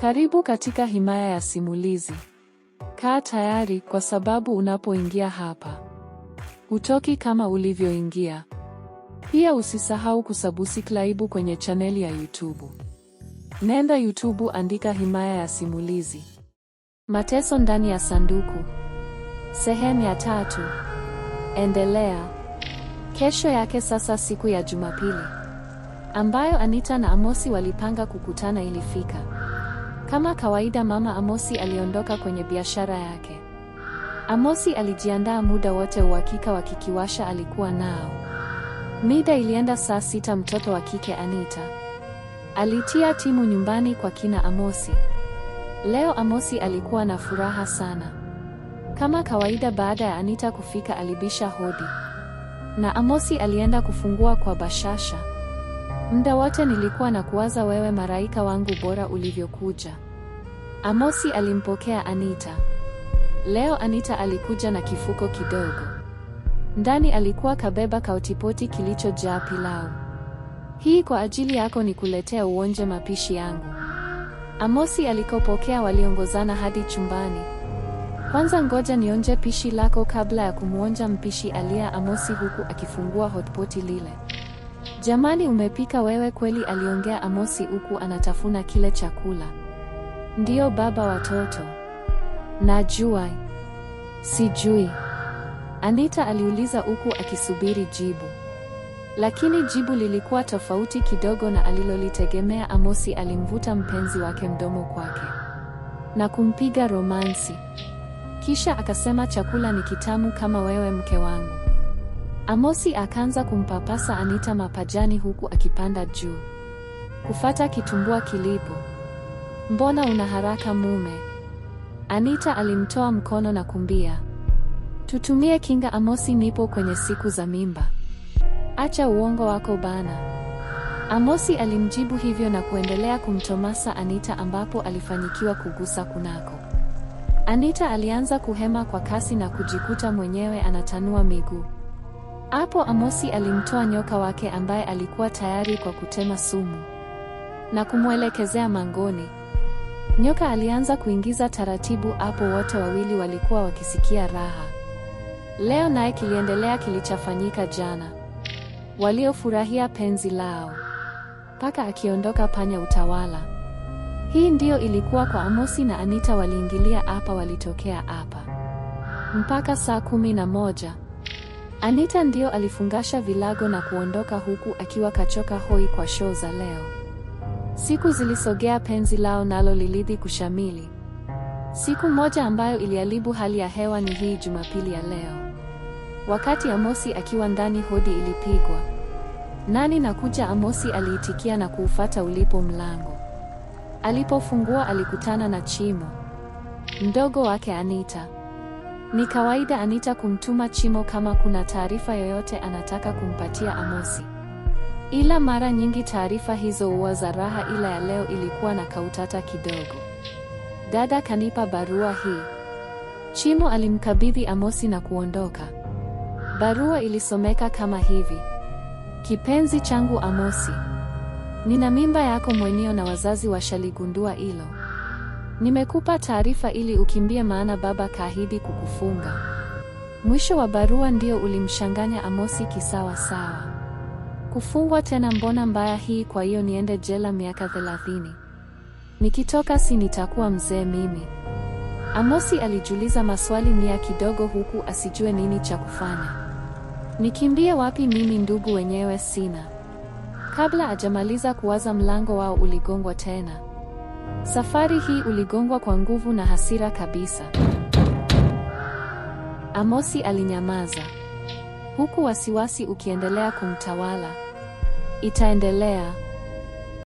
Karibu katika himaya ya simulizi. Kaa tayari kwa sababu unapoingia hapa hutoki kama ulivyoingia. Pia usisahau kusabusi klaibu kwenye chaneli ya YouTube. Nenda YouTube, andika himaya ya simulizi. Mateso ndani ya sanduku sehemu ya tatu. Endelea. Kesho yake sasa, siku ya Jumapili ambayo Anita na Amosi walipanga kukutana ilifika. Kama kawaida Mama Amosi aliondoka kwenye biashara yake. Amosi alijiandaa muda wote, uhakika wa kikiwasha alikuwa nao. Mida ilienda saa sita. Mtoto wa kike Anita alitia timu nyumbani kwa kina Amosi. Leo Amosi alikuwa na furaha sana. Kama kawaida, baada ya Anita kufika, alibisha hodi na Amosi alienda kufungua kwa bashasha. Muda wote nilikuwa na kuwaza wewe maraika wangu bora ulivyokuja. Amosi alimpokea Anita. Leo Anita alikuja na kifuko kidogo. Ndani alikuwa kabeba kautipoti kilichojaa pilau. Hii kwa ajili yako ni kuletea uonje mapishi yangu. Amosi alikopokea waliongozana hadi chumbani. Kwanza ngoja nionje pishi lako kabla ya kumwonja mpishi alia Amosi huku akifungua hotpoti lile. Jamani umepika wewe kweli, aliongea Amosi huku anatafuna kile chakula. Ndiyo baba watoto. Najua. Sijui. Anita aliuliza huku akisubiri jibu. Lakini jibu lilikuwa tofauti kidogo na alilolitegemea. Amosi alimvuta mpenzi wake mdomo kwake na kumpiga romansi. Kisha akasema chakula ni kitamu kama wewe mke wangu. Amosi akaanza kumpapasa Anita mapajani huku akipanda juu kufata kitumbua kilipo. Mbona una haraka mume? Anita alimtoa mkono na kumbia, tutumie kinga Amosi, nipo kwenye siku za mimba. Acha uongo wako bana. Amosi alimjibu hivyo na kuendelea kumtomasa Anita ambapo alifanikiwa kugusa kunako. Anita alianza kuhema kwa kasi na kujikuta mwenyewe anatanua miguu. Hapo Amosi alimtoa nyoka wake ambaye alikuwa tayari kwa kutema sumu na kumwelekezea mangoni. Nyoka alianza kuingiza taratibu, hapo wote wawili walikuwa wakisikia raha. Leo naye kiliendelea kilichofanyika jana, waliofurahia penzi lao, paka akiondoka, panya utawala. Hii ndiyo ilikuwa kwa Amosi na Anita. Waliingilia hapa, walitokea hapa mpaka saa kumi na moja. Anita ndio alifungasha vilago na kuondoka huku akiwa kachoka hoi kwa show za leo. Siku zilisogea, penzi lao nalo lilidhi kushamili. Siku moja ambayo iliharibu hali ya hewa ni hii Jumapili ya leo, wakati Amosi akiwa ndani, hodi ilipigwa. Nani nakuja? Amosi aliitikia na kuufata ulipo mlango. Alipofungua alikutana na Chimo, mdogo wake Anita. Ni kawaida Anita kumtuma Chimo kama kuna taarifa yoyote anataka kumpatia Amosi. Ila mara nyingi taarifa hizo huwa za raha, ila ya leo ilikuwa na kautata kidogo. Dada kanipa barua hii. Chimo alimkabidhi Amosi na kuondoka. Barua ilisomeka kama hivi: Kipenzi changu Amosi, nina mimba yako mwenyeo na wazazi washaligundua hilo. Nimekupa taarifa ili ukimbie, maana baba kaahidi kukufunga. Mwisho wa barua ndio ulimshanganya Amosi kisawa sawa. Kufungwa tena? Mbona mbaya hii? Kwa hiyo niende jela miaka thelathini? Nikitoka si nitakuwa mzee mimi? Amosi alijiuliza maswali mia kidogo, huku asijue nini cha kufanya. Nikimbie wapi mimi? Ndugu wenyewe sina. Kabla ajamaliza kuwaza, mlango wao uligongwa tena. Safari hii uligongwa kwa nguvu na hasira kabisa. Amosi alinyamaza, huku wasiwasi ukiendelea kumtawala. Itaendelea.